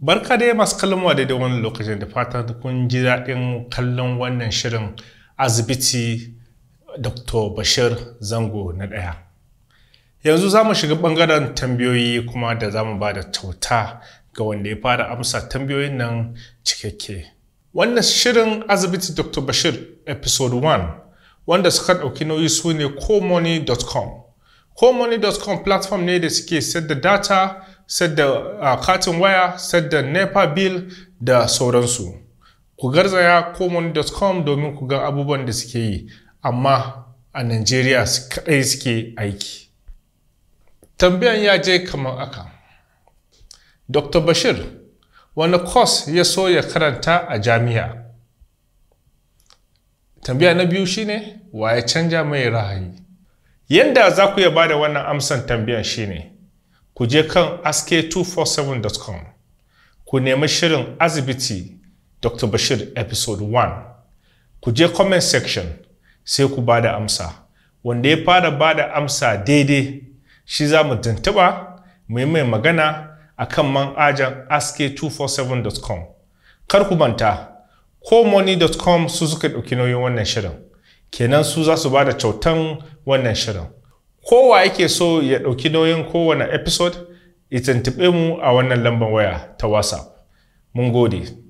Barka dai masu kallon wa daidai wani lokacin da fatan kun ji daɗin kallon wannan shirin asibiti Dr. Bashir Zango na ɗaya. Yanzu za mu shiga ɓangaren tambayoyi kuma da za mu ba da tauta ga wanda ya fara amsa tambayoyin nan cikakke. Wannan shirin asibiti Dr. Bashir episode 1 wanda suka ɗauki nauyi su ne comoney.com. comoney.com platform ne da suke sayar da data sadda uh, katin waya sadda nepa bill da sauransu ku garzaya common.com domin ku ga abubuwan da suke yi amma a Najeriya kaɗai suke aiki tambayan ya je kamar aka dr bashir wani kwas ya so ya karanta a jami'a tambaya na biyu shine wa ya canja mai rahayi yadda za ku ya da wannan amsan tambayan shine ku je kan ask247.com ku nemi shirin asibiti dr bashir episode 1 ku je comment section sai ku ba da amsa wanda ya fara ba da amsa daidai shi za mu tuntuɓa mu mai magana a kan man ajan ask247.com kar ku manta ko money.com su suka ɗauki nauyin wannan shirin kenan su za su ba da kyautan wannan shirin kowa yake so ya ɗauki nauyin kowane episode ya tuntuɓe mu a wannan lambar waya ta whatsapp mun gode